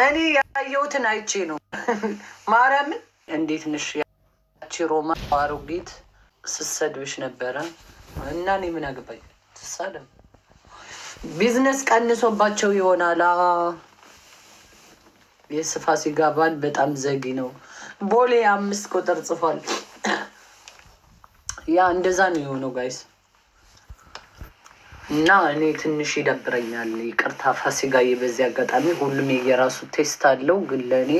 እኔ ያየሁትን አይቼ ነው። ማርያምን እንዴት ንሽ ያቺ ሮማ አሮጌት ስሰድብሽ ነበረ እና እኔ ምን አገባኝ? ትሳለም ቢዝነስ ቀንሶባቸው ይሆናል። የስፋ ሲጋባል በጣም ዘጊ ነው። ቦሌ አምስት ቁጥር ጽፏል። ያ እንደዛ ነው የሆነው ጋይስ እና እኔ ትንሽ ይደብረኛል። ይቅርታ ፋሲካዬ፣ በዚህ አጋጣሚ ሁሉም የየራሱ ቴስት አለው፣ ግን ለእኔ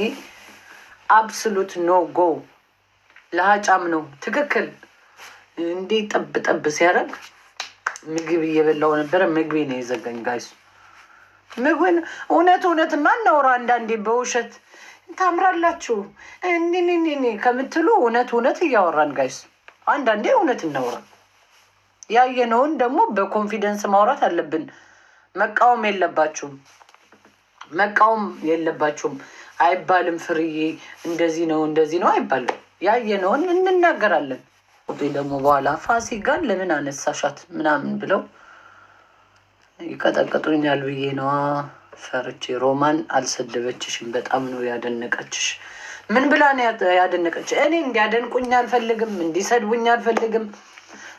አብስሉት ኖ ጎ ለሀጫም ነው ትክክል። እንዴ ጠብ ጠብ ሲያደርግ ምግብ እየበላው ነበረ። ምግቤ ነው የዘጋኝ ጋይሱ ምግብን እውነት እውነት ማናወራ አንዳንዴ በውሸት ታምራላችሁ ከምትሉ እውነት እውነት እያወራን ጋይስ አንዳንዴ እውነት እናወራ። ያየነውን ደግሞ በኮንፊደንስ ማውራት አለብን። መቃወም የለባችሁም መቃወም የለባችሁም አይባልም። ፍርዬ እንደዚህ ነው እንደዚህ ነው አይባልም። ያየነውን እንናገራለን። ደግሞ በኋላ ፋሲካን ለምን አነሳሻት ምናምን ብለው ይቀጠቀጡኛል ብዬ ነዋ ፈርቼ። ሮማን አልሰደበችሽም፣ በጣም ነው ያደነቀችሽ። ምን ብላ ነው ያደነቀች? እኔ እንዲያደንቁኝ አልፈልግም፣ እንዲሰድቡኝ አልፈልግም።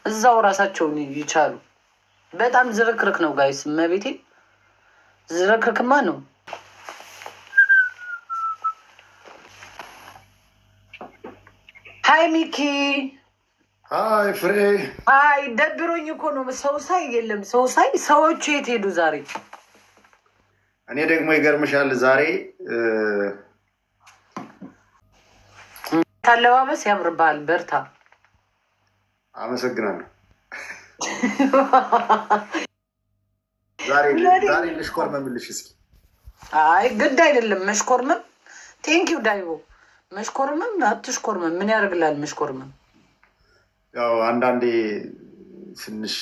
እዛው ራሳቸውን ይቻሉ። በጣም ዝርክርክ ነው ጋይስ፣ መቤቴ ዝርክርክማ ነው። ሀይ ሚኪ፣ ሀይ ፍሬ፣ ሀይ ደብሮኝ እኮ ነው። ሰው ሳይ የለም ሰው ሳይ ሰዎቹ የት ሄዱ ዛሬ? እኔ ደግሞ ይገርምሻል ዛሬ አለባበስ ያምርብሃል። በርታ አመሰግናለሁ። ዛሬ ልሽኮርመምልሽ እስኪ። አይ ግድ አይደለም መሽኮርመም። ቴንኪው ዳይቦ። መሽኮርመም አትሽኮርመም፣ ምን ያደርግላል መሽኮርመም። ያው አንዳንዴ ትንሽ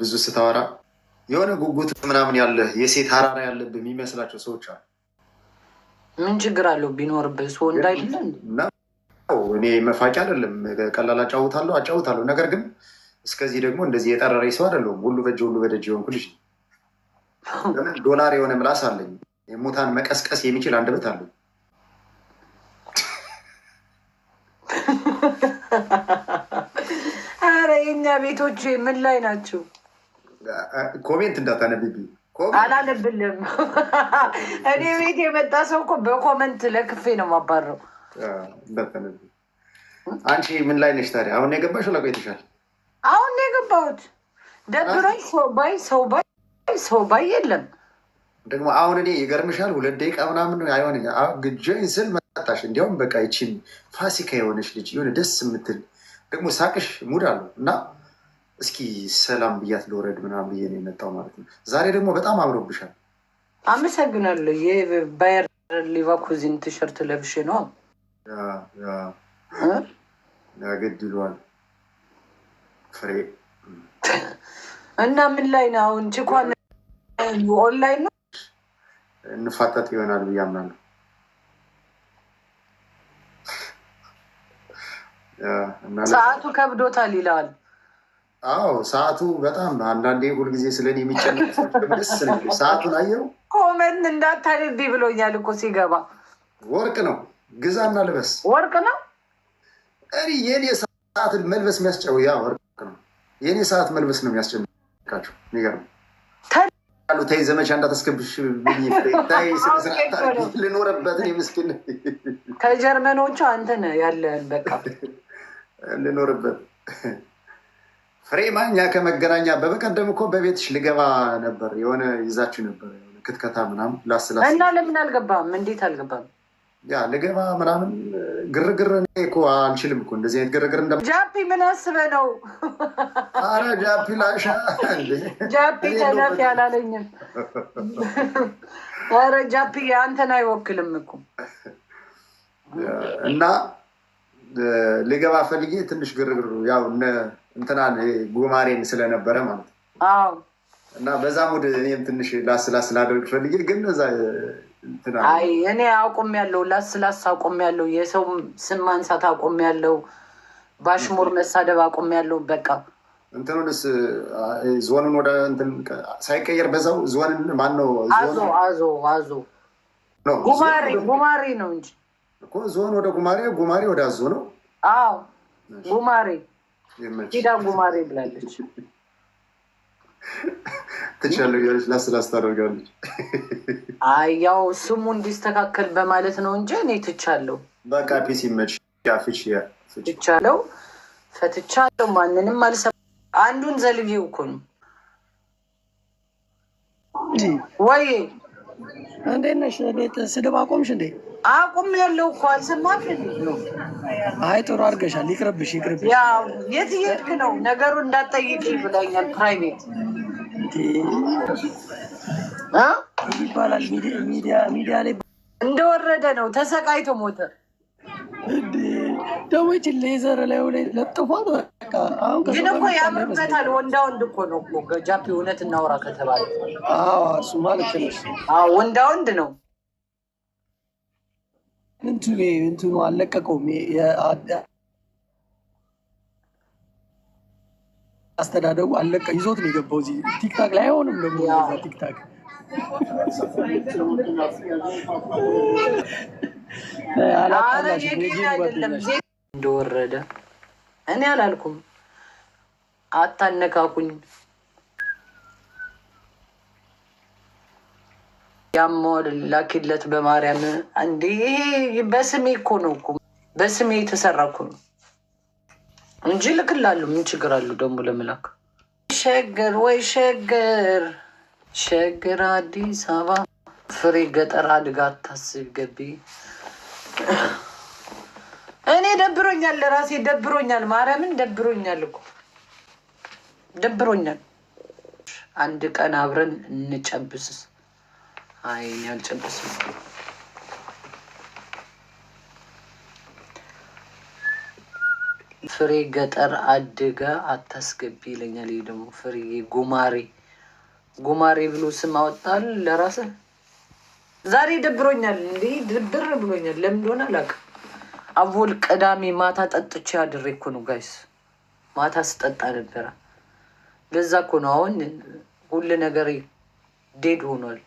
ብዙ ስታወራ የሆነ ጉጉት ምናምን ያለ የሴት ሀራራ ያለብህ የሚመስላቸው ሰዎች አሉ። ምን ችግር አለው ቢኖርብህ ሰው እንዳይደለ እኔ መፋቂ አይደለም። ቀላል አጫውታለሁ አጫውታለሁ። ነገር ግን እስከዚህ ደግሞ እንደዚህ የጠረረ ሰው አይደለሁም። ሁሉ በእጅ ሁሉ በደጅ የሆንኩ ልጅ ለምን ዶላር የሆነ ምላስ አለኝ። ሙታን መቀስቀስ የሚችል አንደበት አለኝ። አረ የኛ ቤቶች ምን ላይ ናቸው? ኮሜንት እንዳታነብብ አላለብልም። እኔ ቤት የመጣ ሰው እኮ በኮመንት ለክፌ ነው የማባረው። አንቺ ምን ላይ ነሽ ታዲያ? አሁን የገባሽ ለቆይተሻል? አሁን የገባሁት ደብሮኝ ሰው ባይ ሰው ባይ ሰው ባይ የለም። ደግሞ አሁን እኔ ይገርምሻል፣ ሁለት ደቂቃ ምናምን አይሆን ግጆኝ ስል መጣሽ። እንዲያውም በቃ ይቺን ፋሲካ የሆነች ልጅ የሆነ ደስ የምትል ደግሞ ሳቅሽ ሙድ አሉ እና እስኪ ሰላም ብያት ልወረድ ምናምን ብዬ ነው የመጣው ማለት ነው። ዛሬ ደግሞ በጣም አምሮብሻል። አመሰግናለሁ። የባየር ሊቫኩዚን ቲሸርት ለብሼ ነው ያገድሏል። ፍሬ እና ምን ላይ ነው አሁን? ችኳን ኦንላይን ነው እንፋጠጥ ይሆናል ብዬ አምናለሁ። ሰዓቱ ከብዶታል ይለዋል። አዎ ሰዓቱ በጣም አንዳንዴ ሁልጊዜ ስለኔ የሚጨነቅ ደስ ሰዓቱን አየው ኮመንት እንዳታደርግ ብሎኛል እኮ ሲገባ። ወርቅ ነው ግዛና ልበስ። ወርቅ ነው እኔ የኔ ሰዓትን መልበስ የሚያስጨው ያ ወርቅ ነው። የኔ ሰዓት መልበስ ነው የሚያስጨንቃቸው። ሚገርም ሉ ተይ ዘመቻ እንዳታስገብሽ ልኖረበት ምስኪን ከጀርመኖቹ አንተን ያለን በቃ ልኖርበት ፍሬ ማኛ ከመገናኛ በበቀደም እኮ በቤትሽ ልገባ ነበር። የሆነ ይዛችሁ ነበር ክትከታ ምናምን ላስላስ እና ለምን አልገባም? እንዴት አልገባም? ያ ልገባ ምናምን ግርግር እኮ አልችልም እኮ እንደዚህ አይነት ግርግር። እንደ ጃፒ ምን አስበህ ነው? አረ ጃፒ ላሻ ጃፒ ተነፍ ያላለኝም። አረ ጃፒ አንተን አይወክልም እኮ እና ልገባ ፈልጌ ትንሽ ግርግር ያው እንትና ጉማሬን ስለነበረ ማለት ነው እና በዛም ወደ እኔም ትንሽ ላስላስ ላደርግ ፈልጌ ግን እዛ አይ እኔ አቁም ያለው ላስላስ አቁም ያለው የሰው ስም ማንሳት አቁም ያለው ባሽሙር መሳደብ አቁም ያለው በቃ እንትኑንስ ዞንን ወደ ሳይቀየር በዛው ዞንን ማን ነው? አዞ አዞ አዞ ጉማሬ ጉማሬ ነው እንጂ እኮ ዞን ወደ ጉማሬ ጉማሬ ወደ አዞ ነው። አዎ ጉማሬ ሂዳ ጉማሬ ብላለች። ትችላለሁ እያለች ታደርጋለች። አይ ያው ስሙ እንዲስተካከል በማለት ነው እንጂ እኔ ትቻለሁ። በቃ ፒሲ ይመች ትቻለው ፈትቻለሁ። ማንንም አልሰ አንዱን ዘልዬው እኮ ነው ወይ? እንዴት ነሽ? ስድብ አቆምሽ እንዴ? አቁም ያለው እኮ አልሰማም። አይ ጥሩ አድርገሻል። ይቅርብሽ፣ ይቅርብሽ። ያው የት እየሄድክ ነው? ነገሩ እንዳትጠይቂ ብለኛል ፕራይቬት ይባላል። ሚዲያ ላይ እንደወረደ ነው። ተሰቃይቶ ሞተ። ደሞች ሌዘር ላይ ላይ ለጥፏት ግን እኮ ያምርበታል። ወንዳ ወንድ እኮ ነው እኮ ጃፒ። እውነት እናውራ ከተባለ ወንዳ ወንድ ነው። እንትኑ እንትኑ አስተዳደቡ አለቀ ይዞት ነው የገባው እዚህ ቲክታክ ላይ አይሆንም። ደግሞ ቲክታክ እንደወረደ እኔ አላልኩም። አታነካኩኝ። ያማዋል ላኪለት በማርያም እንዴ! ይሄ በስሜ እኮ ነው እኮ በስሜ የተሰራ እኮ ነው እንጂ ልክላለሁ። ምን ችግር አለው ደግሞ ለመላክ? ሸገር ወይ ሸገር ሸገር አዲስ አበባ ፍሬ ገጠር አድጋ አታስብ ገቢ እኔ ደብሮኛል፣ ለራሴ ደብሮኛል፣ ማርያምን ደብሮኛል እኮ ደብሮኛል። አንድ ቀን አብረን እንጨብስ። አይ አልጨብስም። ፍሬ ገጠር አድጋ አታስገቢ ይለኛል። ይሄ ደግሞ ፍሬ ጉማሬ ጉማሬ ብሎ ስም አወጣል ለራስ ዛሬ ደብሮኛል እንዲ ድብር ብሎኛል። ለምን እንደሆነ አላውቅም። አቦል ቅዳሜ ማታ ጠጥቼ አድሬ እኮ ነው ጋይስ፣ ማታ ስጠጣ ነበረ። ለዛ እኮ ነው አሁን ሁሉ ነገር ዴድ ሆኗል።